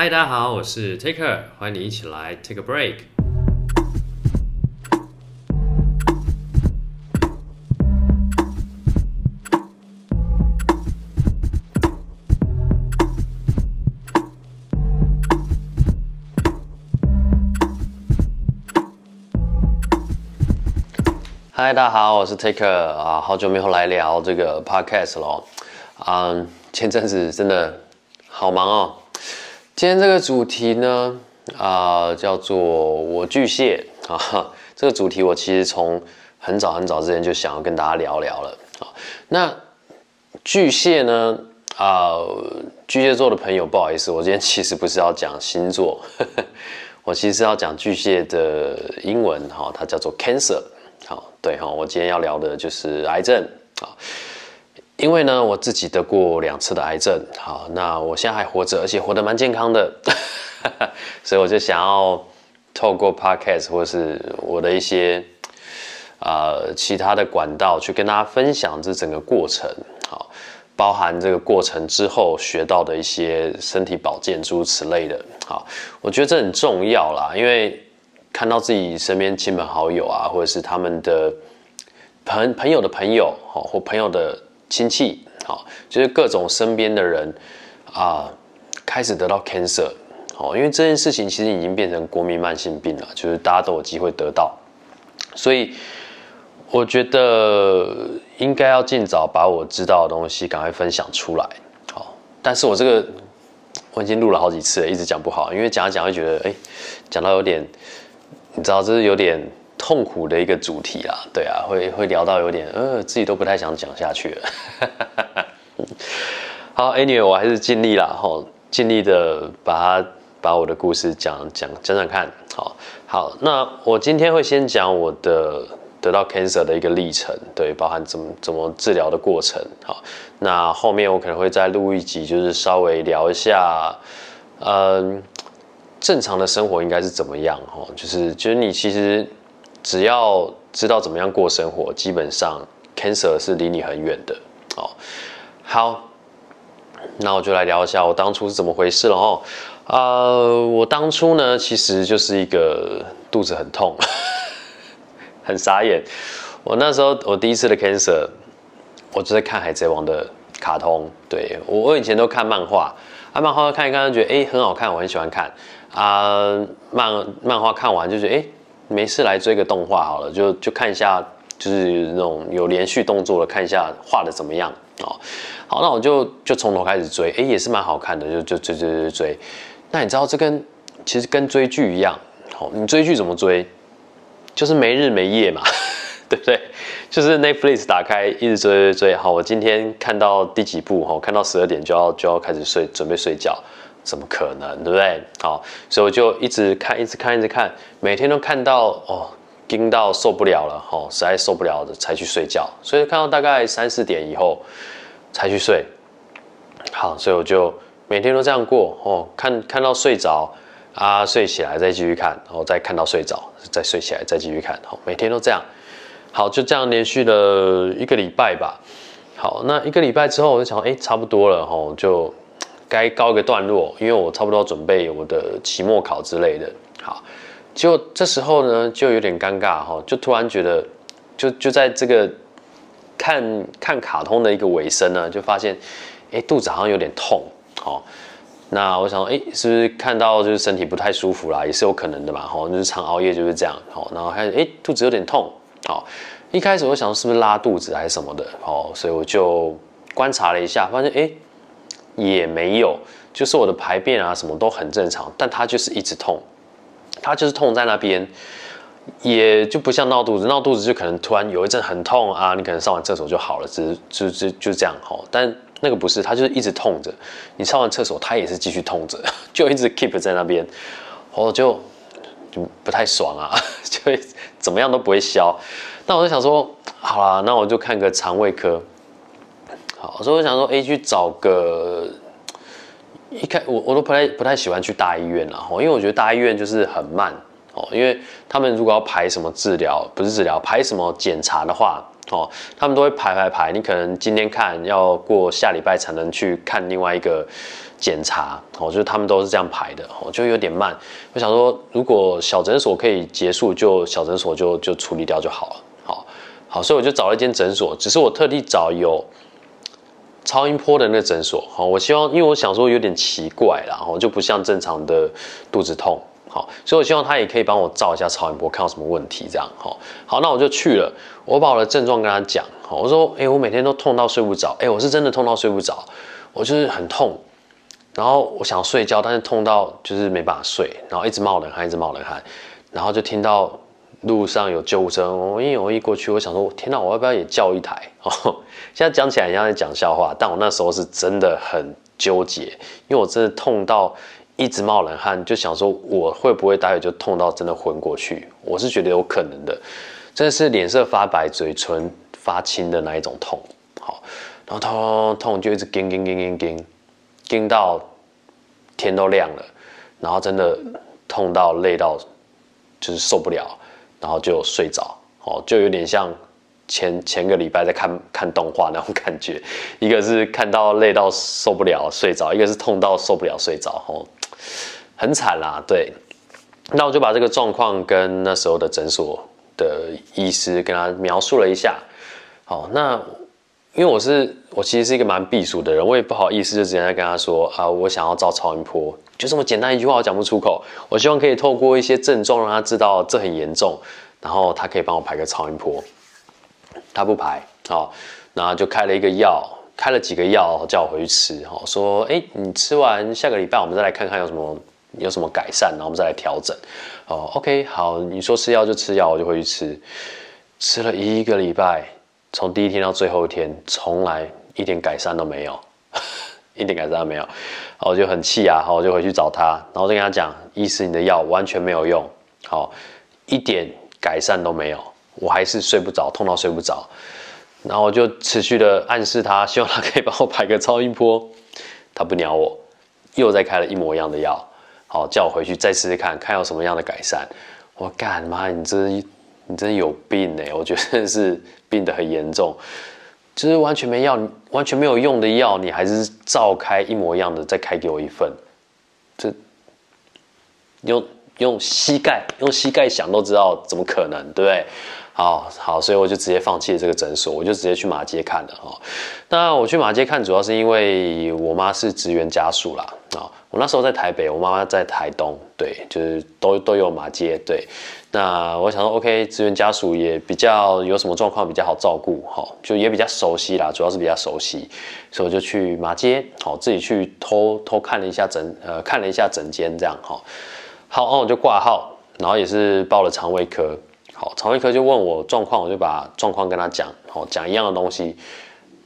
嗨，大家好，我是 Taker，歡迎你一起來 Take a Break。嗨，大家好，我是 Taker，啊，好久沒有來聊這個 Podcast 了，嗯，前陣子真的好忙哦。今天這個主題呢，啊、呃，叫做我巨蟹啊。這個主題我其實從很早很早之前就想要跟大家聊聊了。好，那巨蟹呢？啊、呃，巨蟹座的朋友，不好意思，我今天其實不是要講星座，呵呵，我其實要講巨蟹的英文哈、哦，它叫做 Cancer。好，對哈、哦，我今天要聊的就是癌症。好。因為呢，我自己得過兩次的癌症，好，那我現在還活着，而且活得蠻健康的，呵呵，所以我就想要透過 Podcast 或是我的一些啊、呃、其他的管道去跟大家分享這整個過程，好，包含這個過程之後學到的一些身體保健諸如此類的，好，我覺得這很重要啦，因為看到自己身邊親朋好友啊，或者是他們的朋朋友的朋友，好，或朋友的。親戚，好，就是各種身邊的人，啊，開始得到 cancer，好，因為這件事情其實已經變成國民慢性病了，就是大家都有機會得到，所以我覺得應該要盡早把我知道的東西趕快分享出來，好，但是我這個我已經錄了好幾次了，一直講不好，因為講一講會覺得，哎，講到有點，你知道，就是有點。痛苦的一個主題啊，對啊，會會聊到有點呃，自己都不太想講下去了。 好，Anyway，我還是盡力了哈，盡力的把它把我的故事講講講講看。好，好，那我今天會先講我的得到 cancer 的一個歷程，對，包含怎麼怎麼治療的過程。好，那後面我可能會再錄一集，就是稍微聊一下，嗯、呃，正常的生活應該是怎麼樣哈，就是覺得、就是、你其實。只要知道怎麼樣過生活，基本上 cancer 是離你很遠的。好、哦，好，那我就來聊一下我當初是怎麼回事了哦。呃，我當初呢，其實就是一個肚子很痛，呵呵，很傻眼。我那時候，我第一次的 cancer，我就在看海賊王的卡通。對我，我以前都看漫畫，啊，漫畫看一看，覺得誒、欸，很好看，我很喜歡看。啊，漫漫畫看完就覺得誒。沒事，來追個動畫好了，就就看一下，就是那種有連續動作的，看一下畫的怎麼樣哦，好，那我就就從頭開始追，誒、欸，也是蠻好看的，就就追追追追。那你知道這跟其實跟追劇一樣，好，你追劇怎麼追？就是沒日沒夜嘛， 對不對？就是 Netflix 打開，一直追追追。好，我今天看到第幾部好？看到十二點就要就要開始睡，準備睡覺。怎麼可能，對不對？好，所以我就一直看，一直看，一直看，每天都看到哦，驚到受不了了，吼、哦，實在受不了了才去睡覺。所以看到大概三四點以後才去睡。好，所以我就每天都這樣過，哦，看看到睡着啊，睡起來再繼續看，然、哦、後再看到睡着，再睡起來再繼續看，好、哦，每天都這樣。好，就這樣連續了一個禮拜吧。好，那一個禮拜之後，我就想，哎、欸，差不多了，吼、哦，就。該告一個段落，因為我差不多準備我的期末考之類的。好，結果這時候呢，就有點尷尬哈，就突然覺得，就就在這個看看卡通的一個尾聲呢，就發現，欸，肚子好像有點痛。好，那我想說，欸，是不是看到就是身體不太舒服啦，也是有可能的嘛。好，就是常熬夜就是這樣。好，然後還欸，肚子有點痛。好，一開始我想說是不是拉肚子還是什麼的。好，所以我就觀察了一下，發現，欸也沒有，就是我的排便啊什麼都很正常，但他就是一直痛，他就是痛在那邊，也就不像鬧肚子，鬧肚子就可能突然有一陣很痛啊，你可能上完廁所就好了，就就就就這樣哈、喔。但那個不是，他就是一直痛着，你上完廁所他也是繼續痛着，就一直 keep 在那邊，我、喔、就就不太爽啊，就怎麼樣都不會消。那我就想說，好啦，那我就看個腸胃科。好，所以我想說，欸，去找個，一開我我都不太不太喜歡去大醫院啦。因為我覺得大醫院就是很慢，哦，因為他們如果要排什麼治療，不是治療，排什麼檢查的話，哦，他們都會排排排，你可能今天看，要過下禮拜才能去看另外一個檢查，哦，就是他們都是這樣排的，哦，就有點慢。我想說，如果小診所可以結束，就小診所就就處理掉就好了。好，好，所以我就找了一間診所，只是我特地找有。超音波的那個診所，好，我希望，因為我想說有點奇怪啦，就不像正常的肚子痛，好，所以我希望他也可以幫我照一下超音波，看到什麼問題這樣，好，好，那我就去了，我把我的症狀跟他講，好，我說，哎、欸，我每天都痛到睡不着，哎、欸，我是真的痛到睡不着，我就是很痛，然後我想睡覺，但是痛到就是沒辦法睡，然後一直冒冷汗，一直冒冷汗，然後就聽到。路上有救護車，我一我一過去，我想說，天哪，我要不要也叫一台？哦，現在講起來很像在講笑話，但我那時候是真的很糾結，因為我真的痛到一直冒冷汗，就想說，我會不會待會就痛到真的昏過去？我是覺得有可能的，真的是臉色發白、嘴唇發青的那一種痛。好，然後痛痛痛，就一直叮叮叮叮叮，叮到天都亮了，然後真的痛到累到就是受不了。然後就睡着，哦，就有點像前前個禮拜在看看動畫那種感覺，一個是看到累到受不了睡着，一個是痛到受不了睡着，哦，很慘啦，對。那我就把這個狀況跟那時候的診所的醫師跟他描述了一下，哦，那因為我是我其實是一個蠻避暑的人，我也不好意思就直接在跟他說啊，我想要照超音波。就這麼簡單一句話，我講不出口。我希望可以透過一些症狀讓他知道這很嚴重，然後他可以幫我排個超音波。他不排，好，那就開了一個藥，開了幾個藥叫我回去吃。好，說，誒你吃完下個禮拜我們再來看看有什麼有什麼改善，然後我們再來調整。哦，OK，好，你說吃藥就吃藥，我就回去吃。吃了一個禮拜，從第一天到最後一天，從來一點改善都沒有。一點改善都沒有，然後，我就很氣啊，然後我就回去找他，然後我就跟他講，醫師，你的藥完全沒有用，好一點改善都沒有，我還是睡不着，痛到睡不着，然後我就持續的暗示他，希望他可以幫我排個超音波，他不鳥我，又再開了一模一樣的藥，好叫我回去再試試看看有什麼樣的改善，我幹嘛？你真，你真有病呢、欸。我覺得是病得很嚴重。就是完全沒藥，完全沒有用的藥，你還是照開一模一樣的，再開給我一份，這用用膝蓋用膝蓋想都知道，怎麼可能，對不對？好好，所以我就直接放棄了這個診所，我就直接去馬偕看了哈。那我去馬偕看，主要是因為我媽是職員家屬啦，啊，我那時候在台北，我媽媽在台東，對，就是都都有馬偕，對。那我想說，OK，職員家屬也比較有什麼狀況比較好照顧，哈，就也比較熟悉啦，主要是比較熟悉，所以我就去馬街，好，自己去偷偷看了一下診，呃，看了一下診間這樣，哈，好，然後我就掛號，然後也是報了腸胃科，好，腸胃科就問我狀況，我就把狀況跟他講，好，講一樣的東西，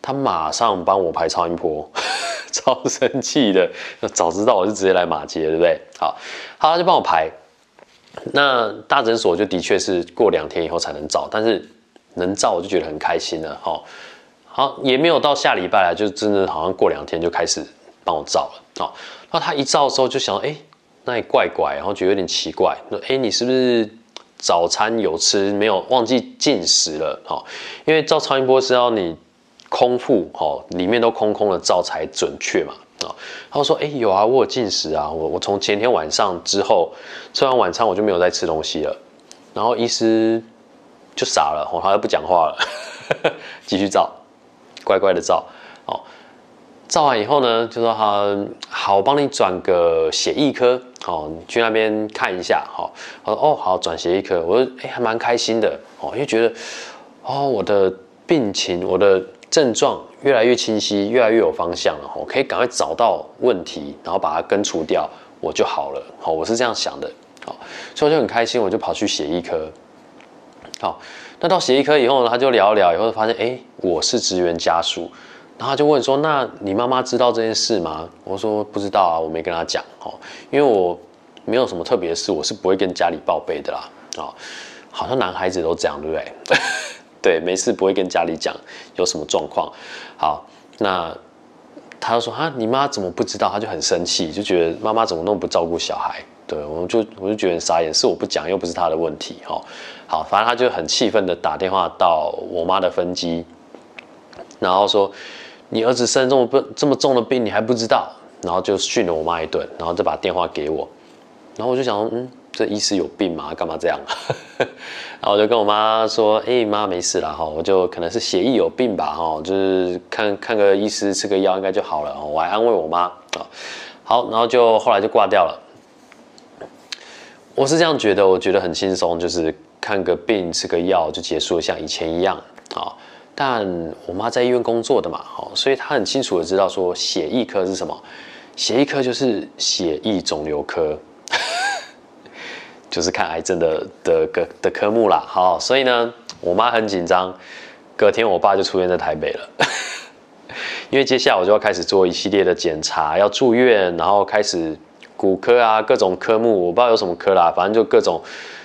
他馬上幫我排超音波，呵呵，超生氣的，早知道我就直接來馬街，對不對？好，好，他就幫我排。那大診所就的確是過兩天以後才能照，但是能照我就覺得很開心了。哈、哦，好也沒有到下禮拜啊，就真的好像過兩天就開始幫我照了。啊、哦，那他一照的時候就想到，哎、欸，那也怪怪，然後覺得有點奇怪。說，哎，你是不是早餐有吃沒有？忘記進食了哈、哦，因為照超音波是要你空腹，哈、哦，裡面都空空的照才準確嘛。哦、他說：“哎、欸，有啊，我有禁食啊，我我從前天晚上之後吃完晚餐我就沒有再吃東西了。”然後醫師就傻了，哦，他就不講話了，繼續照，乖乖的照。哦，照完以後呢，就說他、啊、好，我幫你轉個血液科，哦，你去那邊看一下，說、哦：“哦，好，轉血液科。我”我說：“哎，還蠻開心的，哦，因為覺得，哦，我的病情，我的。”症狀越來越清晰，越來越有方向了，我、喔、可以趕快找到問題，然後把它根除掉，我就好了、喔、我是這樣想的、喔、所以我就很開心，我就跑去血液科、喔。那到血液科以後呢，他就聊一聊，以後發現哎、欸，我是職員家屬，然後他就問說，那你媽媽知道這件事嗎？我說不知道啊，我沒跟他講、喔、因為我沒有什麼特別的事，我是不會跟家裡報備的啦。喔、好像男孩子都這樣，對不對？ 對，沒事不會跟家裡講有什麼狀況。好，那他就說哈、啊，你媽怎麼不知道？他就很生氣，就覺得媽媽怎麼那麼不照顧小孩。對，我就我就覺得很傻眼，是我不講，又不是他的問題哈。好，反正他就很氣憤的打電話到我媽的分機，然後說，你兒子生這麼不這麼重的病，你還不知道？然後就訓了我媽一頓，然後再把電話給我，然後我就想說嗯。這醫師有病嗎？幹嘛這樣？ 然後我就跟我媽說：“哎、欸，媽，沒事啦，哈，我就可能是血液有病吧，哈，就是看看個醫師，吃個藥應該就好了。”我還安慰我媽。好，然後就後來就掛掉了。我是這樣覺得，我覺得很輕鬆，就是看個病，吃個藥就結束了，像以前一樣啊。但我媽在醫院工作的嘛，哈，所以她很清楚的知道說，血液科是什麼，血液科就是血液腫瘤科。就是看癌症的的科的科目啦，好、哦，所以呢，我媽很緊張，隔天我爸就出現在台北了， 因為接下來我就要開始做一系列的檢查，要住院，然後開始骨科啊各種科目，我不知道有什麼科啦，反正就各種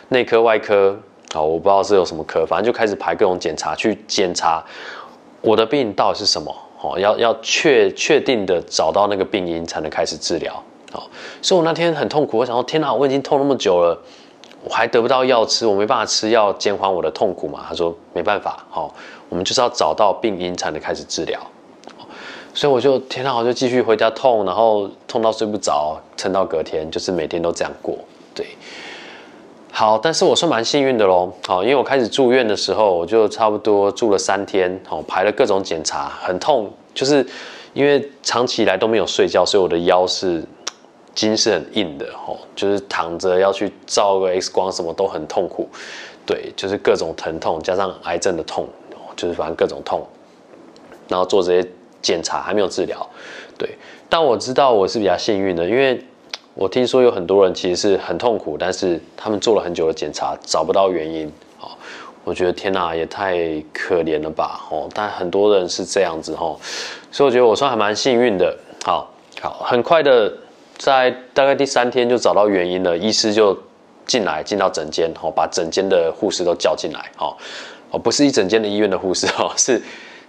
內科外科，好、哦，我不知道是有什麼科，反正就開始排各種檢查，去檢查我的病到底是什麼，好、哦，要要確確定的找到那個病因才能開始治療。哦，所以我那天很痛苦，我想說，天哪，我已經痛那麼久了，我還得不到藥吃，我沒辦法吃藥減緩我的痛苦嘛？他說沒辦法，好，哦，我們就是要找到病因才能開始治療。所以我就天哪，我就繼續回家痛，然後痛到睡不着，撐到隔天，就是每天都這樣過。對，好，但是我算蠻幸運的嘍，好，因為我開始住院的時候，我就差不多住了三天，好，排了各種檢查，很痛，就是因為長期以來都沒有睡覺，所以我的腰是，筋是很硬的吼，就是躺着要去照個 X 光什麼都很痛苦，對，就是各種疼痛加上癌症的痛，就是反正各種痛，然後做這些檢查還沒有治療，對，但我知道我是比較幸運的，因為我聽說有很多人其實是很痛苦，但是他們做了很久的檢查找不到原因，哦，我覺得天哪、啊，也太可憐了吧，哦，但很多人是這樣子哦，所以我覺得我算還蠻幸運的，好好，很快的。在大概第三天就找到原因了，醫師就進來進到診間、喔，把整間的護士都叫進來，哦、喔，不是一整間的醫院的護士、喔，是，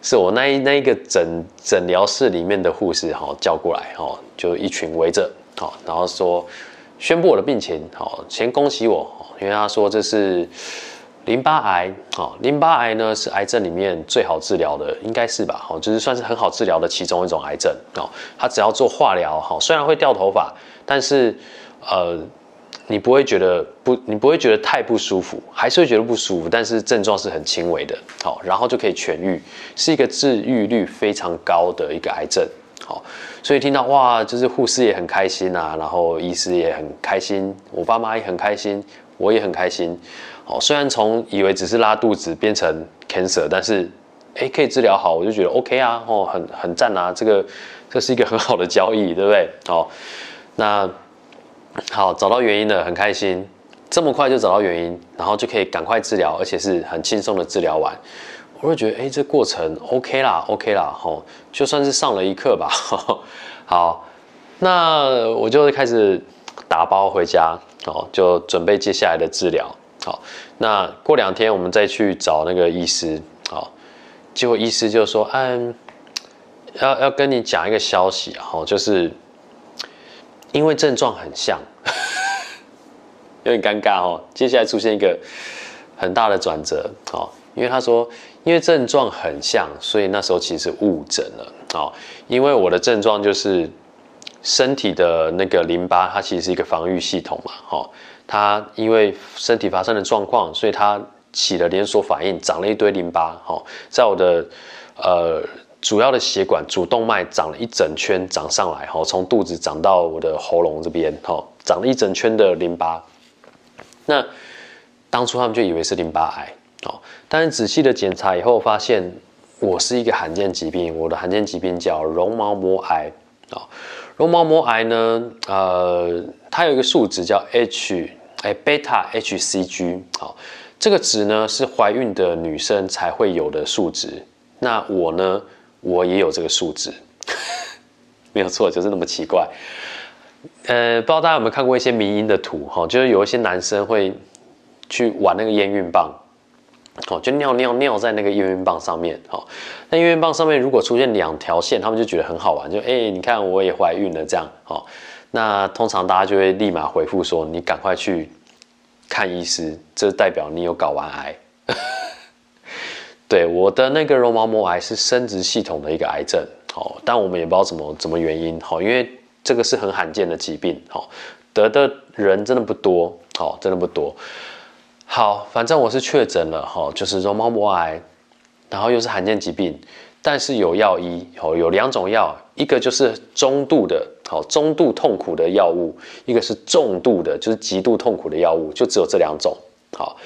是我那一那一個診診療室裡面的護士、喔，叫過來，喔、就一群圍着、喔，然後說，宣布我的病情、喔，先恭喜我，因為他說這是。淋巴癌哦，淋巴癌呢是癌症裡面最好治療的，應該是吧？哦，就是算是很好治療的其中一種癌症哦。它只要做化療，哈、哦，雖然會掉頭髮，但是呃，你不會覺得不，你不會覺得太不舒服，還是會覺得不舒服，但是症狀是很輕微的，好、哦，然後就可以痊癒，是一個治癒率非常高的一個癌症，好、哦，所以聽到哇，就是護士也很開心啊，然後醫師也很開心，我爸媽也很開心，我也很開心。哦，雖然從以為只是拉肚子變成 cancer，但是，哎，可以治療好，我就覺得 OK 啊，哦，很很讚啊，這個這是一個很好的交易，對不對？哦，那好，找到原因了，很開心，這麼快就找到原因，然後就可以趕快治療，而且是很輕鬆的治療完，我會覺得，哎，這過程 OK 啦，OK 啦，吼，就算是上了一課吧呵呵。好，那我就開始打包回家，哦，就準備接下來的治療。好，那過兩天我們再去找那個醫師。好，結果醫師就說：“嗯，要要跟你講一個消息啊，哈，就是因為症狀很像，呵呵，有點尷尬哦，喔。接下來出現一個很大的轉折，哦，因為他說，因為症狀很像，所以那時候其實誤診了。哦，因為我的症狀就是。”身體的那個淋巴，它其實是一個防禦系統嘛、哦，它因為身體發生的狀況，所以它起了連鎖反應，長了一堆淋巴，哦、在我的呃主要的血管主動脈長了一整圈長上來，哈、哦，從肚子長到我的喉嚨這邊，哈、哦，長了一整圈的淋巴。那當初他們就以為是淋巴癌，好、哦，但是仔細的檢查以後發現我是一個罕見疾病，我的罕見疾病叫絨毛膜癌。絨毛膜癌呢？呃，它有一個數值叫 H 哎，beta hCG。好、哦，這個值呢，是懷孕的女生才會有的數值。那我呢，我也有這個數值， 沒有錯，就是那麼奇怪。呃，不知道大家有沒有看過一些迷因的圖哈、哦，就是有一些男生會去玩那個驗孕棒。哦，就尿尿尿在那個驗孕棒上面，哦、那驗孕棒上面如果出現兩條線，他們就覺得很好玩，就哎、欸，你看我也懷孕了這樣、哦，那通常大家就會立馬回復說，你趕快去看醫師，這代表你有睾丸癌。 對，我的那個絨毛膜癌是生殖系統的一個癌症，哦、但我們也不知道怎麼怎麼原因，好、哦，因為這個是很罕見的疾病，哦、得的人真的不多，哦、真的不多。好，反正我是確診了哈，就是絨毛膜癌，然後又是罕見疾病，但是有藥醫哦，有兩種藥，一個就是中度的，中度痛苦的藥物，一個是重度的，就是極度痛苦的藥物，就只有這兩種。好，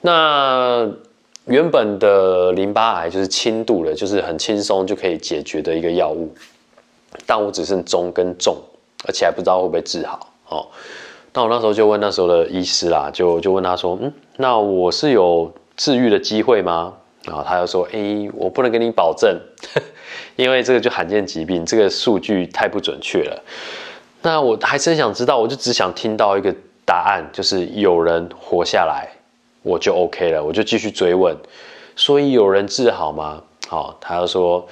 那原本的淋巴癌就是輕度的，就是很輕鬆就可以解決的一個藥物，但我只剩中跟重，而且還不知道會不會治好哦。那我那時候就問那時候的醫師啦，就就問他說，嗯，那我是有治癒的機會嗎？然後他就說，誒、欸，我不能跟你保證，呵，因為這個就罕見疾病，這個數據太不準確了。那我還真想知道，我就只想聽到一個答案，就是有人活下來，我就 OK 了，我就繼續追問。所以有人治好嗎？好，他就說，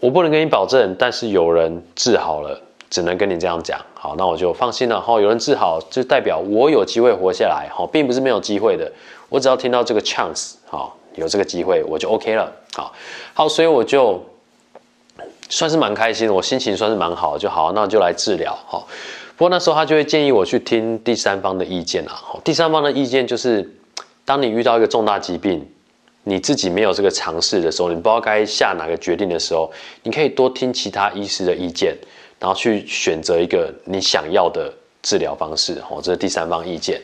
我不能跟你保證，但是有人治好了。只能跟你這樣講。好，那我就放心了哈、哦。有人治好，就代表我有機會活下來哈、哦，並不是沒有機會的。我只要聽到這個 chance 哈、哦，有這個機會，我就 OK 了。好、哦，好，所以我就算是蠻開心，我心情算是蠻好就好。那我就來治療哈、哦。不過那時候他就會建議我去聽第三方的意見啦。哈、哦，第三方的意見就是，當你遇到一個重大疾病，你自己沒有這個嘗試的時候，你不知道該下哪個決定的時候，你可以多聽其他醫師的意見。然後去選擇一個你想要的治療方式，哦，這是第三方意見，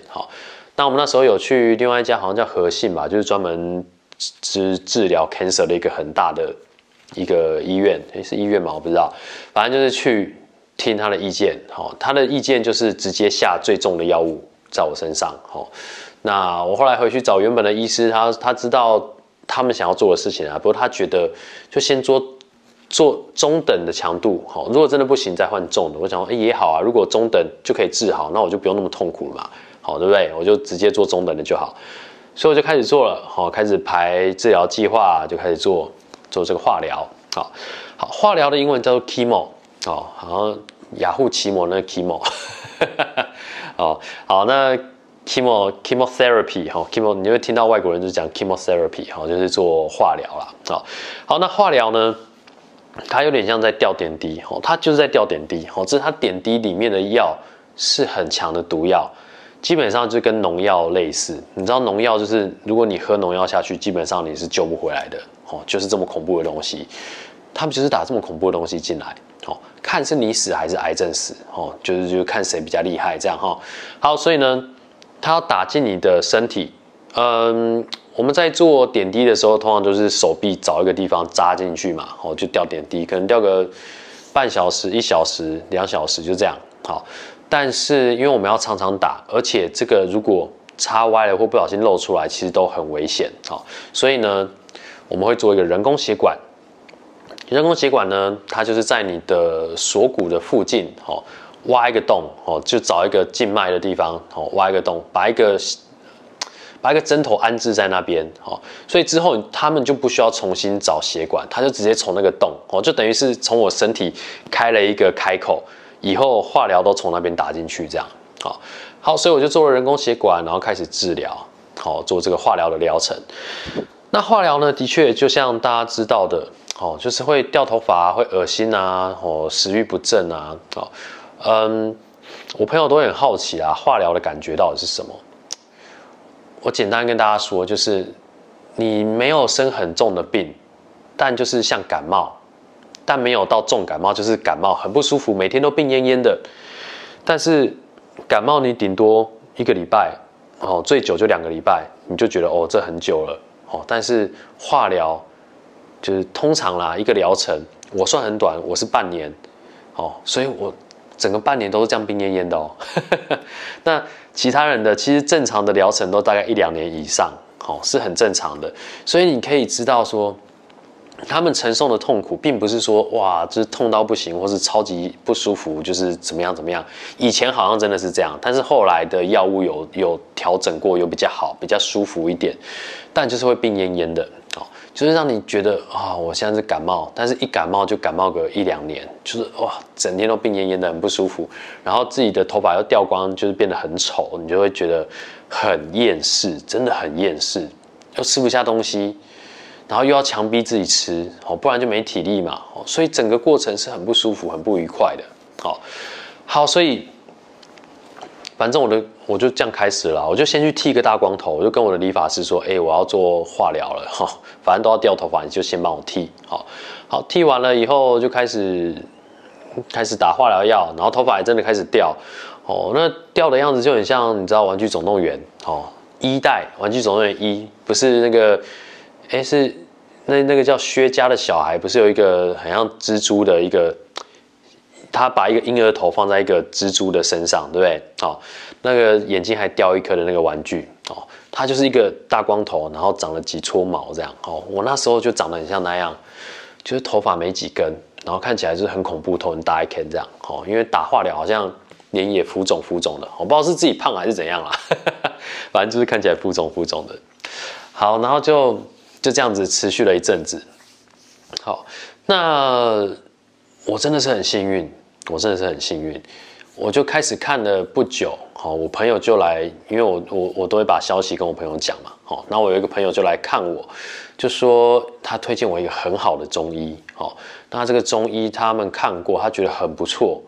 那我們那時候有去另外一家，好像叫和信吧，就是專門治治療 cancer 的一個很大的一個醫院誒，是醫院嗎？我不知道，反正就是去聽他的意見，他的意見就是直接下最重的藥物在我身上，那我後來回去找原本的醫師，他他知道他們想要做的事情啊，不過他覺得就先做。做中等的強度，好，如果真的不行再換重的。我想說，哎、欸、也好啊，如果中等就可以治好，那我就不用那麼痛苦了嘛，好，對不對？我就直接做中等的就好。所以我就開始做了，好，開始排治療計劃，就開始做做這個化療，好，好化療的英文叫做 chemo，哦，好像雅虎奇摩那個 chemo， 好，好，那 chemo chemotherapy，好，chemo 你會聽到外國人就講 chemotherapy，好，就是做化療啦。好，好，那化療呢？它有點像在吊點滴哦，它就是在吊點滴哦。是它點滴裡面的藥是很強的毒藥，基本上就跟農藥類似。你知道農藥就是，如果你喝農藥下去，基本上你是救不回來的哦，就是這麼恐怖的東西。他們就是打這麼恐怖的東西進來哦，看是你死還是癌症死哦，就是就看誰比較厲害這樣哈。好，所以呢，它要打進你的身體，嗯。我們在做點滴的時候，通常都是手臂找一個地方扎進去嘛，哦，就吊點滴，可能吊個半小時、一小時、兩小時就這樣。好，但是因為我們要常常打，而且這個如果插歪了或不小心漏出來，其實都很危險。好，所以呢，我們會做一個人工血管。人工血管呢，它就是在你的鎖骨的附近，哦，挖一個洞，哦，就找一個靜脈的地方，哦，挖一個洞，把一個。把一個針頭安置在那邊，哦，所以之後他們就不需要重新找血管，他就直接從那個洞，哦，就等於是從我身體開了一個開口，以後化療都從那邊打進去，這樣，好，好，所以我就做了人工血管，然後開始治療，好，做這個化療的療程。那化療呢，的確就像大家知道的，哦，就是會掉頭髮，會噁心啊，哦，食欲不振啊，哦，嗯，我朋友都很好奇啊，化療的感覺到底是什麼？我簡單跟大家說，就是你沒有生很重的病，但就是像感冒，但沒有到重感冒，就是感冒很不舒服，每天都病懨懨的。但是感冒你頂多一個禮拜，哦，最久就兩個禮拜，你就覺得哦這很久了，哦。但是化療就是通常啦，一個療程我算很短，我是半年，哦，所以我。整個半年都是這樣病懨懨的哦、喔。 那其他人的其實正常的療程都大概一兩年以上，好、喔、是很正常的。所以你可以知道說，他們承受的痛苦並不是說哇就是痛到不行，或是超級不舒服，就是怎麼樣怎麼樣。以前好像真的是這樣，但是後來的藥物有有調整過，有比較好，比較舒服一點，但就是會病懨懨的哦。喔就是讓你覺得啊，哦，我現在是感冒，但是一感冒就感冒個一兩年，就是哇，整天都病懨懨的，很不舒服，然後自己的頭髮又掉光，就是變得很醜，你就會覺得很厭世，真的很厭世，又吃不下東西，然後又要強逼自己吃，哦，不然就沒體力嘛，哦，所以整個過程是很不舒服、很不愉快的。好，哦，好，所以。反正我的我就這樣開始了，我就先去剃個大光頭，我就跟我的理髮師說，哎，我要做化療了哈，反正都要掉頭髮，你就先幫我剃。好，好，剃完了以後就開始開始打化療藥，然後頭髮還真的開始掉，哦，那掉的樣子就很像你知道《玩具總動員》哦，一代《玩具總動員》一不是那個，哎，是那那個叫薛家的小孩，不是有一個很像蜘蛛的一個。他把一個嬰兒頭放在一個蜘蛛的身上，對不對？哦，那個眼睛，還掉一顆的那個玩具哦，它就是一個大光頭，然後長了幾撮毛這樣。哦，我那時候就長得很像那樣，就是頭髮沒幾根，然後看起來就是很恐怖，頭很大一顆這樣。哦，因為打化療好像臉也浮腫浮腫的，我、哦、不知道是自己胖還是怎樣啦， 反正就是看起來浮腫浮腫的。好，然後就就這樣子持續了一陣子。好、哦，那。我真的是很幸運，我真的是很幸運。我就開始看了不久，好，我朋友就來，因為我我我都會把消息跟我朋友講嘛，好，那我有一個朋友就來看我，就說他推薦我一個很好的中醫，好，那這個中醫他們看過，他覺得很不錯，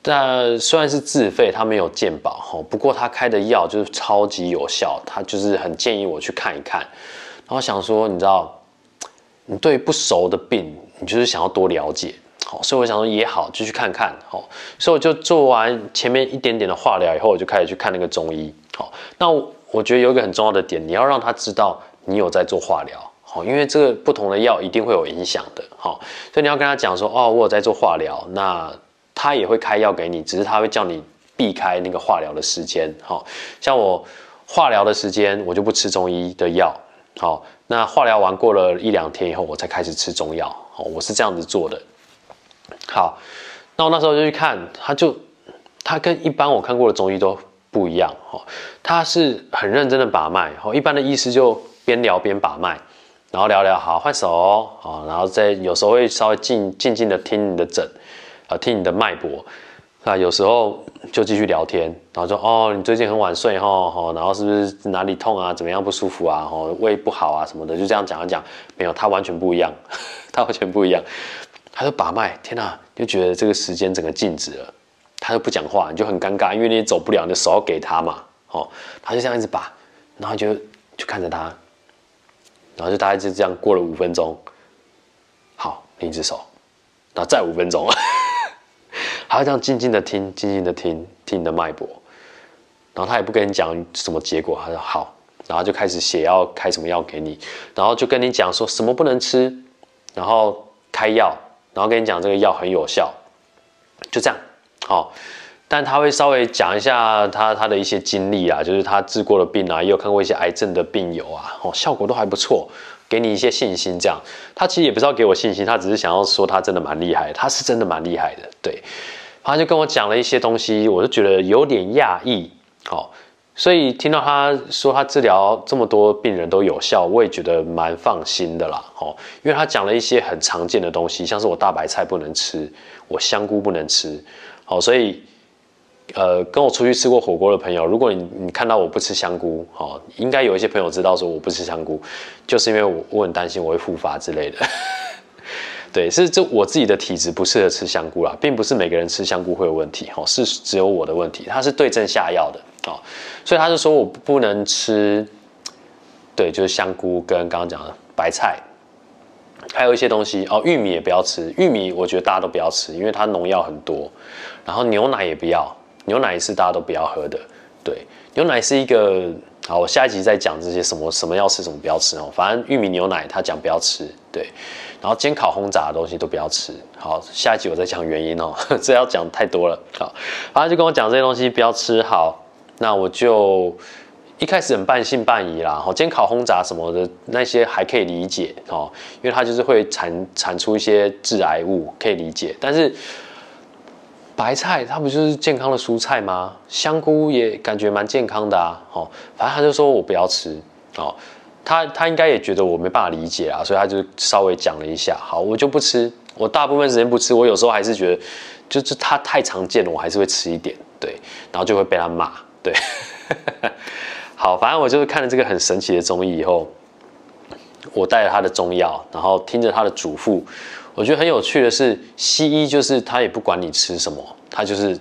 但雖然是自費，他沒有健保哈，不過他開的藥就是超級有效，他就是很建議我去看一看，然後我想說，你知道，你對不熟的病，你就是想要多了解。好，所以我想說也好，繼續看看。好，所以我就做完前面一點點的化療以後，我就開始去看那個中醫。好，那我，我覺得有一個很重要的點，你要讓他知道你有在做化療。好，因為這個不同的藥一定會有影響的。好，所以你要跟他講說，哦，我有在做化療，那他也會開藥給你，只是他會叫你避開那個化療的時間。好，像我化療的時間，我就不吃中醫的藥。好，那化療完過了一兩天以後，我才開始吃中藥。好，我是這樣子做的。好，那我那時候就去看他，就他跟一般我看過的中醫都不一樣哦，他是很認真的把脈，哦，一般的醫師就邊聊邊把脈，然後聊聊好換手哦，哦，然後再有時候會稍微靜靜靜的聽你的診，啊，聽你的脈搏，啊，有時候就繼續聊天，然後說哦，你最近很晚睡哈，哦，然後是不是哪裡痛啊，怎麼樣不舒服啊，哦，胃不好啊什麼的，就這樣講一講，沒有，他完全不一樣，他完全不一樣。他就把脈，天哪、啊，就覺得這個時間整個靜止了，他就不講話，你就很尷尬，因為你走不了，你的手要給他嘛，哦，他就這樣一直把，然後就就看着他，然後就大概就這樣過了五分鐘，好，另一隻手，然後再五分鐘， 他就這樣靜靜的聽，靜靜的聽聽你的脈搏，然後他也不跟你講什麼結果，他說好，然後就開始寫藥，開什麼藥給你，然後就跟你講說什麼不能吃，然後開藥。然後跟你講這個藥很有效，就這樣，好，但他會稍微講一下他他的一些經歷啊，就是他治過的病啊，也有看過一些癌症的病友啊，哦，效果都還不錯，給你一些信心。這樣，他其實也不知道給我信心，他只是想要說他真的蠻厲害，他是真的蠻厲害的，對。他就跟我講了一些東西，我就覺得有點訝異，好。所以聽到他說他治療這麼多病人都有效，我也覺得蠻放心的啦。哦，因為他講了一些很常見的東西，像是我大白菜不能吃，我香菇不能吃。好、哦，所以，呃，跟我出去吃過火鍋的朋友，如果你你看到我不吃香菇，哦，應該有一些朋友知道說我不吃香菇，就是因為我我很擔心我會復發之類的。 對，是這我自己的體質不適合吃香菇啦，並不是每個人吃香菇會有問題。哦，是只有我的問題，它是對症下藥的。哦，所以他就說我不能吃，對，就是香菇跟剛剛講的白菜，還有一些東西哦，玉米也不要吃，玉米我覺得大家都不要吃，因為它農藥很多。然後牛奶也不要，牛奶是大家都不要喝的，對，牛奶是一個，好，我下一集再講這些什麼什麼要吃，什麼不要吃哦，反正玉米、牛奶他講不要吃，對，然後煎烤烘炸的東西都不要吃，好，下一集我再講原因哦，這要講太多了，好，他就跟我講這些東西不要吃，好。那我就一開始很半信半疑啦，哦，煎烤烘炸什麼的那些還可以理解哦，因為它就是會產產出一些致癌物，可以理解。但是白菜它不就是健康的蔬菜嗎？香菇也感覺蠻健康的啊，哦，反正他就說我不要吃，哦，他他應該也覺得我沒辦法理解啦，所以他就稍微講了一下，好，我就不吃，我大部分時間不吃，我有時候還是覺得就是它太常見了，我還是會吃一點，對，然後就會被他罵。對， 好，反正我就是看了這個很神奇的中醫以後，我帶了他的中藥，然後聽着他的囑咐。我覺得很有趣的是，西醫就是他也不管你吃什麼，他就是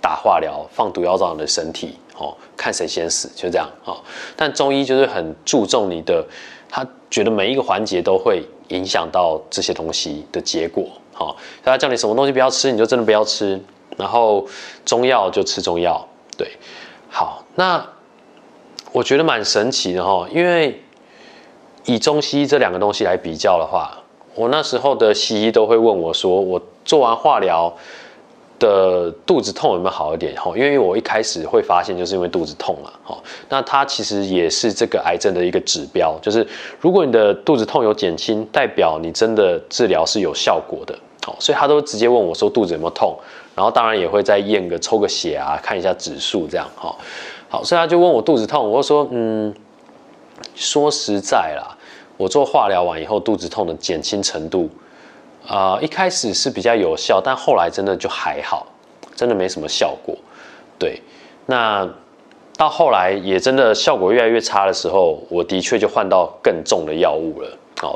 打化療、放毒藥到你的身體，哦，看誰先死，就這樣，哦，但中醫就是很注重你的，他覺得每一個環節都會影響到這些東西的結果，哦，他叫你什麼東西不要吃，你就真的不要吃，然後中藥就吃中藥，對。好，那我覺得蠻神奇的哈，因為以中西醫這兩個東西來比較的話，我那時候的西醫都會問我說，我做完化療的肚子痛有沒有好一點？哈，因為我一開始會發現就是因為肚子痛了，哈，那它其實也是這個癌症的一個指標，就是如果你的肚子痛有減輕，代表你真的治療是有效果的，好，所以他都直接問我說肚子有沒有痛。然後當然也會再驗個抽個血啊，看一下指數這樣哈。好，好，所以他就問我肚子痛，我會說嗯，說實在啦，我做化療完以後肚子痛的減輕程度，啊，一開始是比較有效，但後來真的就還好，真的沒什麼效果。對，那到後來也真的效果越來越差的時候，我的確就換到更重的藥物了。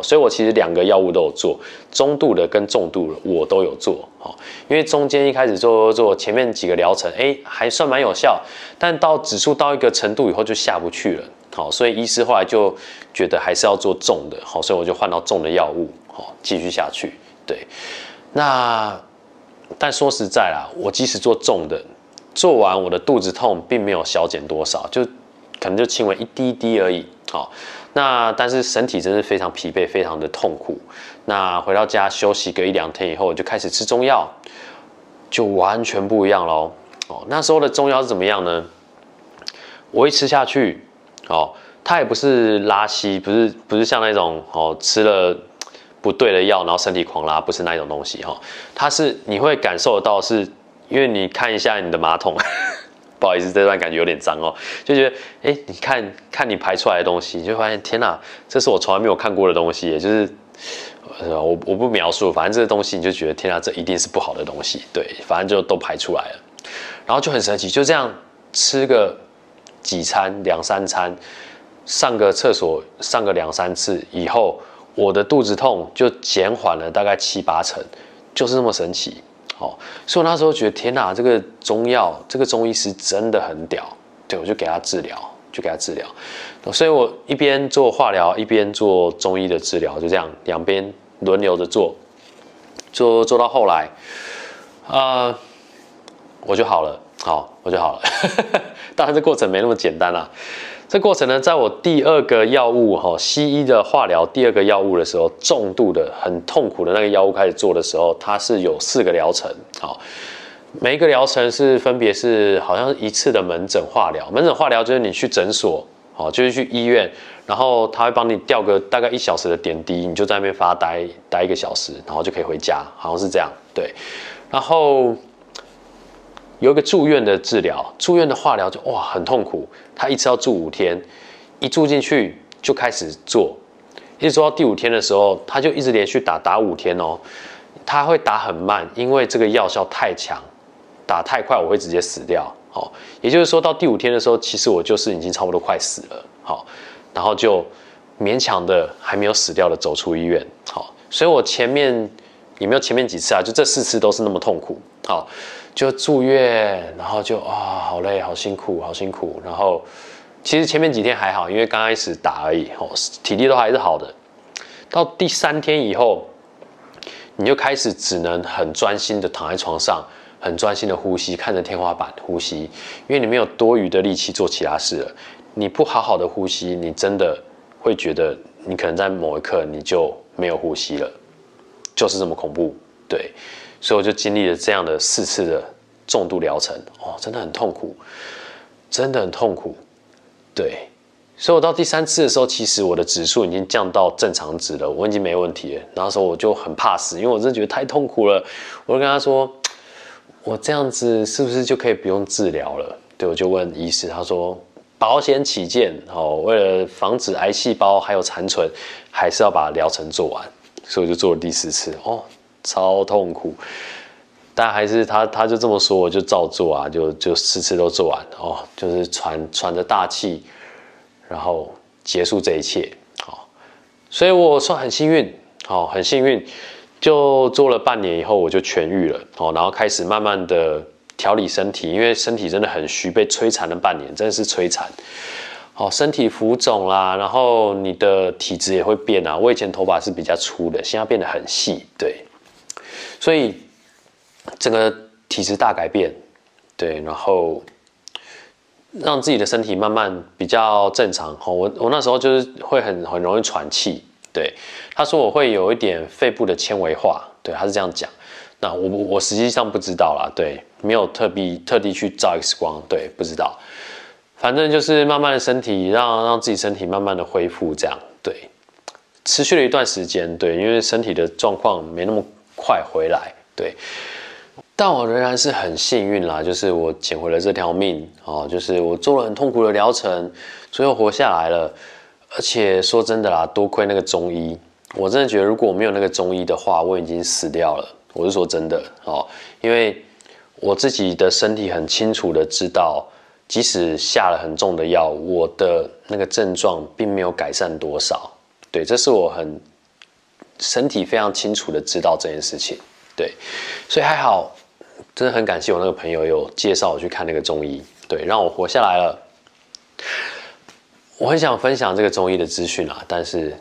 所以，我其實兩個藥物都有做，中度的跟重度的我都有做。好，因為中間一開始做做前面幾個療程，欸，還算蠻有效，但到指數到一個程度以後就下不去了。好，所以醫師後來就覺得還是要做重的。好，所以我就換到重的藥物，好，繼續下去。對，那但說實在啦，我即使做重的，做完我的肚子痛並沒有消減多少，就可能就輕微一滴滴而已。好。那但是身體真是非常疲憊，非常的痛苦。那回到家休息個一兩天以後，就開始吃中藥，就完全不一樣嘍。哦，那時候的中藥是怎麼樣呢？我一吃下去，哦，它也不是拉稀，不是不是像那種哦，喔，吃了不對的藥，然後身體狂拉，不是那種東西哦，喔，它是你會感受得到，是因為你看一下你的馬桶。不好意思，這段感覺有點髒哦，就覺得，哎，你看看你排出來的東西，你就發現，天哪，這是我從來沒有看過的東西，就是，我我不描述，反正這個東西你就覺得，天哪，這一定是不好的東西，對，反正就都排出來了，然後就很神奇，就這樣吃個幾餐，兩三餐，上個廁所上個兩三次以後，我的肚子痛就減緩了大概七八成，就是那麼神奇。哦，所以我那時候覺得天哪，這個中藥，這個中醫師真的很屌，對，我就給他治療，就給他治療、哦。所以我一邊做化療，一邊做中醫的治療，就這樣兩邊輪流著做，做做到後來，啊、呃，我就好了，好，我就好了。呵呵，當然這過程沒那麼簡單啦、啊。這過程呢，在我第二個藥物哈，西醫的化療第二個藥物的時候，重度的很痛苦的那個藥物開始做的時候，它是有四個療程，好，每一個療程是分別是好像一次的門診化療，門診化療就是你去診所，好，就是去醫院，然後他會幫你吊個大概一小時的點滴，你就在那邊發呆，待一個小時，然後就可以回家，好像是這樣，對，然後。有一個住院的治療，住院的化療就哇，很痛苦，他一直要住五天，一住進去就開始做，一直到第五天的時候，他就一直連續打打五天哦，他會打很慢，因為這個藥效太強，打太快我會直接死掉，哦、也就是說到第五天的時候，其實我就是已經差不多快死了，哦、然後就勉強的還沒有死掉的走出醫院，哦、所以我前面也沒有前面幾次啊，就這四次都是那麼痛苦，好、哦。就住院，然後就啊、哦，好累，好辛苦，好辛苦。然後其實前面幾天還好，因為剛開始打而已，哦，體力都還是好的。到第三天以後，你就開始只能很專心的躺在床上，很專心的呼吸，看着天花板呼吸，因為你沒有多餘的力氣做其他事了。你不好好的呼吸，你真的會覺得你可能在某一刻你就沒有呼吸了，就是這麼恐怖，對。所以我就經歷了這樣的四次的重度療程哦，真的很痛苦，真的很痛苦，對。所以我到第三次的時候，其實我的指數已經降到正常值了，我已經沒問題了。那時候我就很怕死，因為我真的覺得太痛苦了。我就跟他說，我這樣子是不是就可以不用治療了？對，我就問醫師，他說，保險起見，哦，為了防止癌細胞還有殘存，還是要把療程做完。所以我就做了第四次哦。超痛苦，但還是他他就這麼說，我就照做啊，就就次次都做完哦，就是喘喘着大氣，然後結束這一切，哦，所以我算很幸運，哦，很幸運，就做了半年以後我就痊癒了，哦，然後開始慢慢的調理身體，因為身體真的很虛，被摧殘了半年，真的是摧殘，好、哦，身體浮腫啦，然後你的體質也會變啊，我以前頭髮是比較粗的，現在變得很細，對。所以整個體質大改變，對，然後讓自己的身體慢慢比較正常哈。我我那時候就是會很很容易喘氣，對。他說我會有一點肺部的纖維化，對，他是這樣講。那我我實際上不知道啦，對，沒有特地特地去照 X 光，對，不知道。反正就是慢慢的身體讓，讓讓自己身體慢慢的恢復，這樣對。持續了一段時間，對，因為身體的狀況沒那麼快回來，對，但我仍然是很幸運啦，就是我撿回了這條命哦，就是我做了很痛苦的療程，最後活下來了。而且說真的啦，多虧那個中醫，我真的覺得，如果沒有那個中醫的話，我已經死掉了。我是說真的哦，因為我自己的身體很清楚的知道，即使下了很重的藥，我的那個症狀並沒有改善多少。對，這是我很。身體非常清楚的知道這件事情，對，所以還好，真的很感謝我那個朋友有介紹我去看那個中醫，對，讓我活下來了。我很想分享這個中醫的資訊啊，但是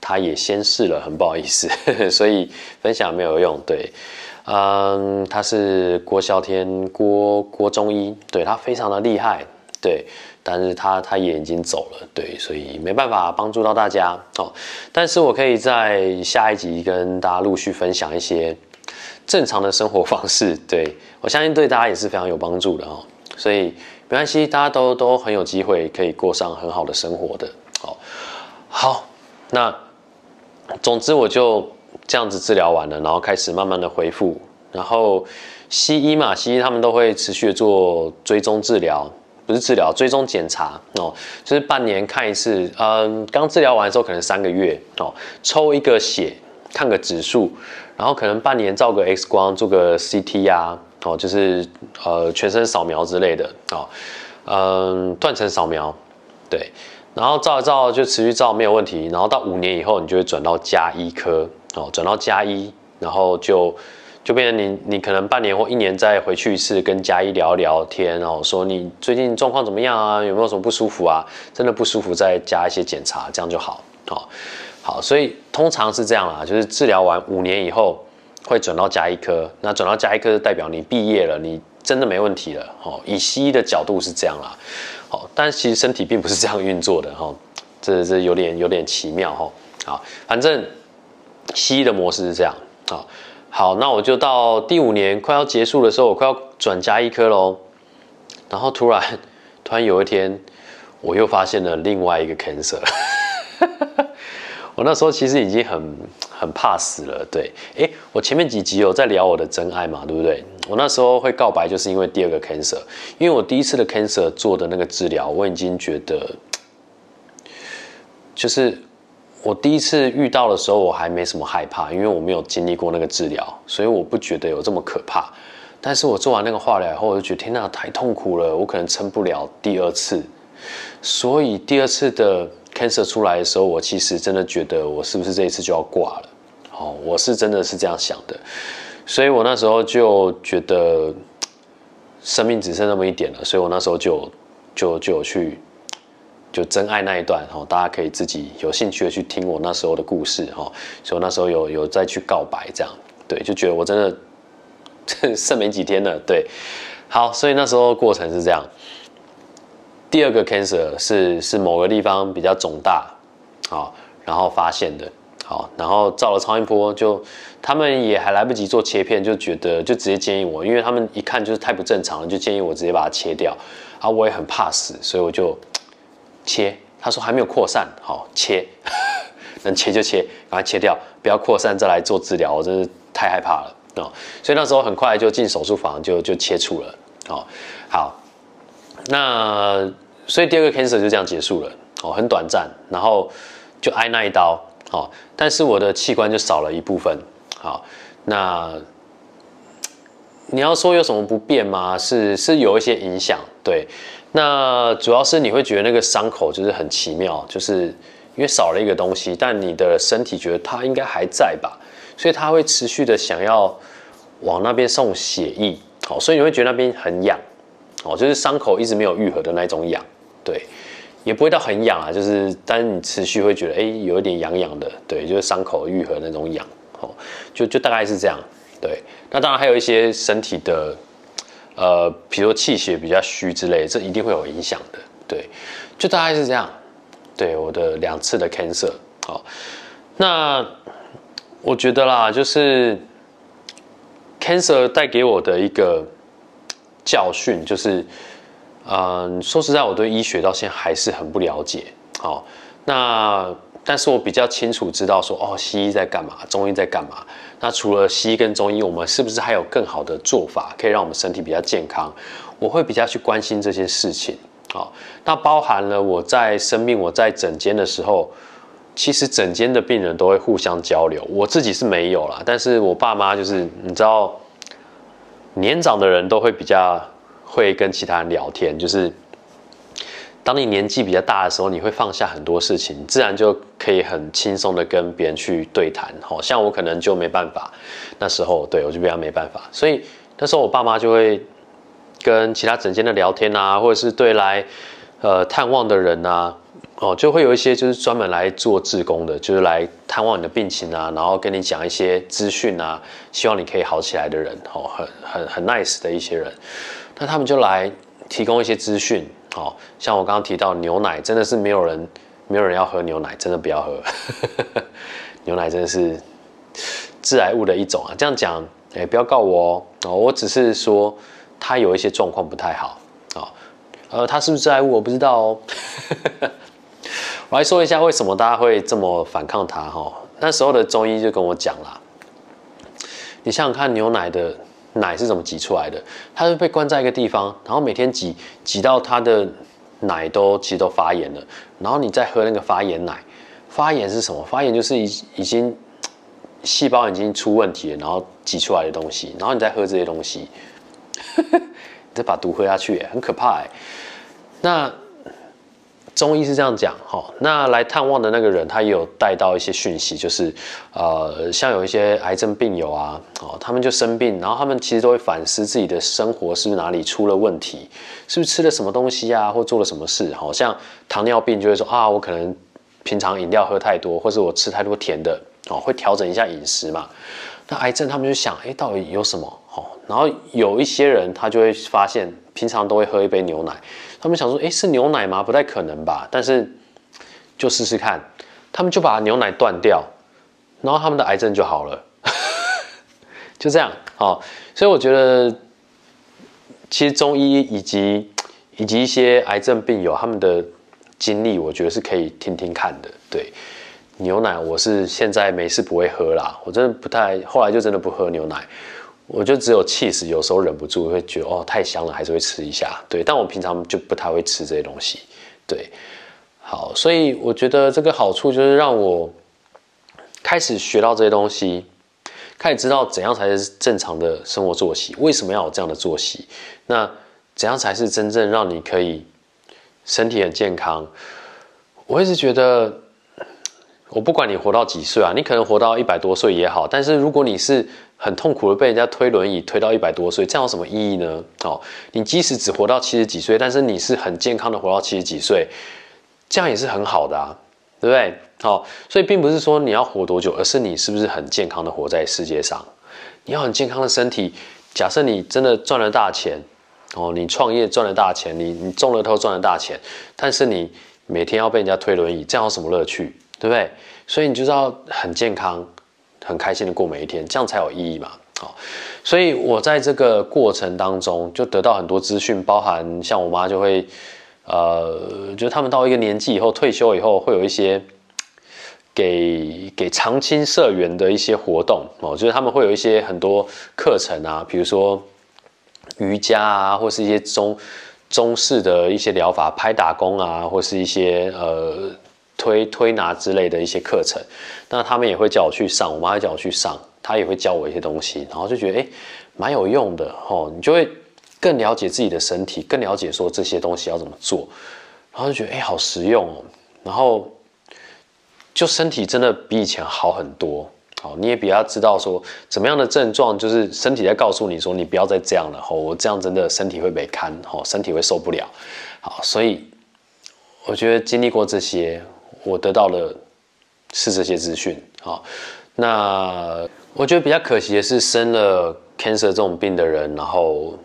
他也先試了，很不好意思，呵呵，所以分享沒有用。對，嗯，他是郭孝天，郭郭中醫，對，他非常的厲害，對。但是他他也已經走了，對，所以沒辦法幫助到大家哦。但是我可以在下一集跟大家陸續分享一些正常的生活方式，對，我相信對大家也是非常有幫助的哦。所以沒關係，大家都都很有機會可以過上很好的生活的。好，哦，好，那總之我就這樣子治療完了，然後開始慢慢的恢復，然後西醫嘛，西醫他們都會持續做追蹤治療。不是治療，追蹤檢查哦，就是半年看一次，嗯、呃，剛治療完的時候可能三個月哦，抽一個血，看個指數，然後可能半年照個 X 光，做個 CT 啊，哦，就是呃全身掃描之類的哦。嗯、呃，斷層掃描，對，然後照一照就持續照沒有問題，然後到五年以後你就會轉到家醫科哦，轉到家醫，然後就。就變成你，你可能半年或一年再回去一次，跟家醫聊聊天，然、喔、後說，你最近狀況怎麼樣啊？有沒有什麼不舒服啊？真的不舒服再加一些檢查，這樣就好，喔、好。所以通常是這樣啦，就是治療完五年以後會轉到家醫科，那轉到家醫科就代表你畢業了，你真的沒問題了，哦、喔。以西醫的角度是這樣啦，哦、喔，但其實身體並不是這樣運作的，哈、喔，這這有點有點奇妙，哈、喔，好，反正西醫的模式是這樣啊。喔好，那我就到第五年快要結束的時候，我快要轉家醫科嘍。然後突然，突然有一天，我又發現了另外一個 cancer。 我那時候其實已經很很怕死了。對，哎、欸，我前面幾集有在聊我的真愛嘛，對不對？我那時候會告白，就是因為第二個 cancer，因為我第一次的 cancer 做的那個治療，我已經覺得就是。我第一次遇到的時候，我還沒什麼害怕，因為我沒有經歷過那個治療，所以我不覺得有這麼可怕。但是我做完那個化療以後，我就覺得天吶、啊，太痛苦了，我可能撐不了第二次。所以第二次的 cancer 出來的時候，我其實真的覺得我是不是這一次就要掛了？哦，我是真的是這樣想的。所以我那時候就覺得生命只剩那麼一點了，所以我那時候就就就，就去。就真愛那一段哦，大家可以自己有興趣的去聽我那時候的故事哦。所以我那時候有有再去告白這樣，對，就覺得我真的剩沒幾天了，對，好，所以那時候的過程是這樣。第二個 cancer 是是某個地方比較腫大，然後發現的，然後照了超音波就、就他們也還來不及做切片，就覺得就直接建議我，因為他們一看就是太不正常了，就建議我直接把它切掉，啊，我也很怕死，所以我就。切，他說還沒有擴散，好，哦，切，呵呵，能切就切，趕快切掉，不要擴散再來做治療，我真是太害怕了哦。所以那時候很快就進手術房就就切除了，好、哦，好，那所以第二個 cancer 就這樣結束了哦，很短暫，然後就挨那一刀，好、哦，但是我的器官就少了一部分，好、哦，那你要說有什麼不便嗎？是是有一些影響，對。那主要是你會覺得那個傷口就是很奇妙，就是因為少了一個東西，但你的身體覺得它應該還在吧，所以它會持續的想要往那邊送血液，好，所以你會覺得那邊很癢，哦，就是傷口一直沒有愈合的那種癢，對，也不會到很癢啊，就是，但是你持續會覺得，誒，有一點癢癢的，對，就是傷口愈合那種癢，好，就就大概是這樣，對，那當然還有一些身體的。呃，比如說氣血比較虛之類的，這一定會有影響的。對，就大概是這樣。對，我的兩次的 cancer。好，那我覺得啦，就是 cancer 帶給我的一個教訓，就是，嗯、呃，說實在，我對醫學到現在還是很不了解。好，那但是我比較清楚知道說，哦，西醫在幹嘛，中醫在幹嘛。那除了西醫跟中醫，我們是不是還有更好的做法，可以讓我們身體比較健康？我會比較去關心這些事情。啊。那包含了我在生病、我在診間的時候，其實診間的病人都會互相交流。我自己是沒有啦，但是我爸媽就是你知道，年長的人都會比較會跟其他人聊天，就是。當你年紀比較大的時候，你會放下很多事情，自然就可以很輕鬆的跟別人去對談。好、哦、像我可能就沒辦法，那時候對我就比較沒辦法。所以那時候我爸媽就會跟其他診間的聊天啊，或者是對來呃探望的人啊，哦就會有一些就是專門來做志工的，就是來探望你的病情啊，然後跟你講一些資訊啊，希望你可以好起來的人，哦，很很很 nice 的一些人，那他們就來提供一些資訊。好像我剛剛提到牛奶，真的是沒有人，沒有人要喝牛奶，真的不要喝， 牛奶真的是致癌物的一種啊！這樣講、欸，不要告我哦、喔喔，我只是說它有一些狀況不太好啊、喔、呃，它是不是致癌物我不知道哦、喔。 我來說一下為什麼大家會這麼反抗它哈、喔？那時候的中醫就跟我講啦，你想想看牛奶的。奶是怎麼擠出來的？它是被關在一個地方，然後每天擠，擠到它的奶都其實都發炎了，然後你再喝那個發炎奶，發炎是什麼？發炎就是已經已經細胞已經出問題了，然後擠出來的東西，然後你再喝這些東西，呵呵，你再把毒喝下去，欸，很可怕哎，欸。那。中醫是這樣講，那來探望的那個人，他也有帶到一些訊息，就是，呃，像有一些癌症病友啊，哦，他們就生病，然後他們其實都會反思自己的生活是不是哪裡出了問題，是不是吃了什麼東西啊，或做了什麼事？好像糖尿病就會說啊，我可能平常飲料喝太多，或是我吃太多甜的，哦，會調整一下飲食嘛。那癌症他們就想，欸，到底有什麼？哦，然後有一些人他就會發現，平常都會喝一杯牛奶。他們想說：“哎、欸，是牛奶嗎？不太可能吧。”但是就試試看，他們就把牛奶斷掉，然後他們的癌症就好了， 就這樣哦。所以我覺得，其實中醫以及以及一些癌症病友他們的經歷，我覺得是可以聽聽看的。對，牛奶我是現在沒事不會喝啦，我真的不太，後來就真的不喝牛奶。我就只有起司，有時候忍不住會覺得哦，太香了，還是會吃一下。對，但我平常就不太會吃這些東西。對，好，所以我覺得這個好處就是讓我開始學到這些東西，開始知道怎樣才是正常的生活作息，為什麼要有這樣的作息？那怎樣才是真正讓你可以身體很健康？我一直覺得。我不管你活到幾歲啊，你可能活到一百多歲也好，但是如果你是很痛苦的被人家推輪椅推到一百多歲，這樣有什麼意義呢？哦，你即使只活到七十幾歲，但是你是很健康的活到七十幾歲，這樣也是很好的啊，對不對？哦，所以並不是說你要活多久，而是你是不是很健康的活在世界上。你要很健康的身體。假設你真的賺了大錢，哦，你創業賺了大錢，你你中了頭賺了大錢，但是你每天要被人家推輪椅，這樣有什麼樂趣？對不對？所以你就知道很健康、很開心的過每一天，這樣才有意義嘛。好、哦，所以我在這個過程當中就得到很多資訊，包含像我媽就會，呃，就是他們到一個年紀以後退休以後，會有一些給給長青社員的一些活動哦，就是他們會有一些很多課程啊，比如說瑜伽啊，或是一些中中式的一些療法，拍打功啊，或是一些呃。推推拿之類的一些課程，那他們也會叫我去上，我媽也叫我去上，他也會教我一些東西，然後就覺得欸，蠻有用的，吼，你就會更了解自己的身體，更了解說這些東西要怎麼做，然後就覺得哎，好實用哦，然後就身體真的比以前好很多，吼，你也比較知道說怎麼樣的症狀，就是身體在告訴你說你不要再這樣了，吼，我這樣真的身體會被看，吼，身體會受不了，吼，所以我覺得經歷過這些。我得到的是這些資訊。好，那我覺得比較可惜的是，生了 cancer 這種病的人，然後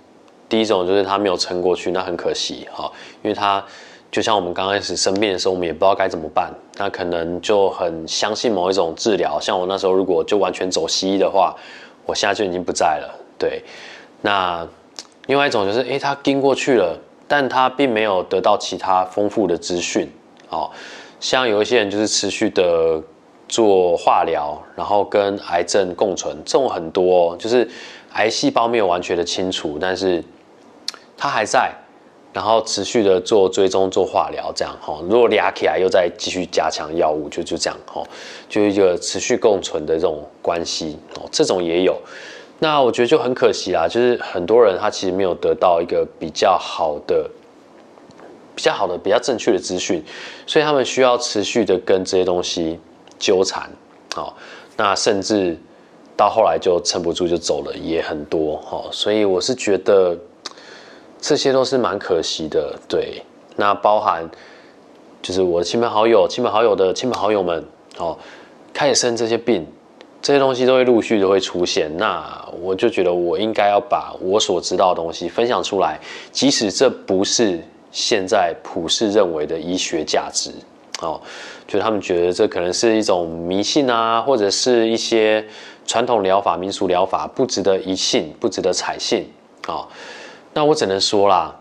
第一種就是他沒有撐過去，那很可惜。好，因為他就像我們剛開始生病的時候，我們也不知道該怎麼辦，那可能就很相信某一種治療。像我那時候，如果就完全走西醫的話，我現在就已經不在了。對，那另外一種就是，誒、欸，他撐過去了，但他並沒有得到其他豐富的資訊。好。像有一些人就是持續的做化療，然後跟癌症共存，這種很多、哦，就是癌細胞沒有完全的清除，但是它還在，然後持續的做追蹤、做化療這樣哈、哦。如果連起來又再繼續加強藥物，就就這樣哈、哦，就一個持續共存的這種關係哦，這種也有。那我覺得就很可惜啦，就是很多人他其實沒有得到一個比較好的。比較好的、比較正確的資訊，所以他們需要持續的跟這些東西糾纏，哦，那甚至到後來就撐不住就走了也很多，哦。所以我是覺得這些都是蠻可惜的，對，那包含就是我的親朋好友、親朋好友的親朋好友們，哦，開始生這些病，這些東西都會陸續的會出現，那我就覺得我應該要把我所知道的東西分享出來，即使這不是，現在普世認為的醫學價值，哦，就他們覺得這可能是一種迷信啊，或者是一些傳統療法、民俗療法不值得一信，不值得採信哦。那我只能說啦，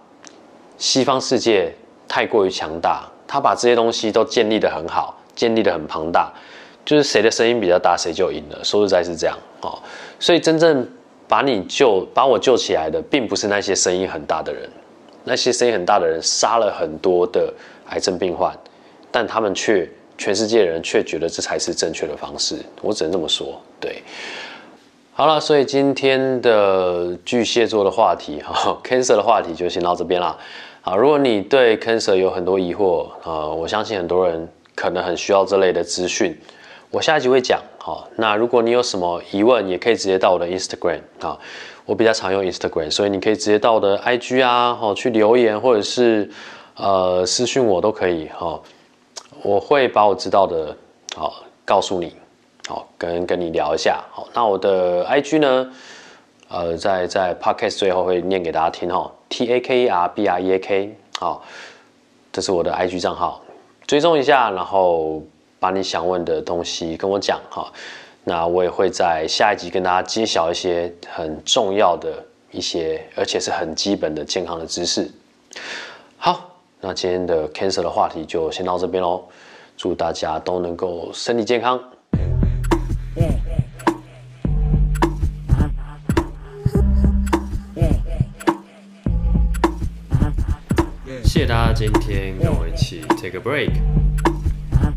西方世界太過於強大，他把這些東西都建立得很好，建立得很龐大，就是誰的聲音比較大，誰就贏了，說實在，是這樣哦。所以真正把你救、把我救起來的，並不是那些聲音很大的人。那些聲音很大的人殺了很多的癌症病患，但他們卻全世界的人卻覺得這才是正確的方式。我只能這麼說，對。好了，所以今天的巨蟹座的話題哈、哦，cancer 的話題就先到這邊啦。好、啊，如果你對 cancer 有很多疑惑、呃，我相信很多人可能很需要這類的資訊。我下一集會講、哦，那如果你有什麼疑問，也可以直接到我的 Instagram 啊。我比較常用 Instagram，所以你可以直接到我的 IG 啊，去留言或者是呃私訊我都可以、哦，我會把我知道的，哦、告訴你，哦、跟跟你聊一下，好、哦，那我的 IG 呢，呃、在在 Podcast 最後會念給大家聽，吼、哦、T A K E R B R E A K，哦、這是我的 IG 賬號，追蹤一下，然後把你想問的東西跟我講，哈、哦。那我也會在下一集跟大家揭曉一些很重要的一些，而且是很基本的健康的知識。好，那今天的 Cancer 的話題就先到這邊嘍。祝大家都能夠身體健康。 謝謝大家今天跟我一起 take a break。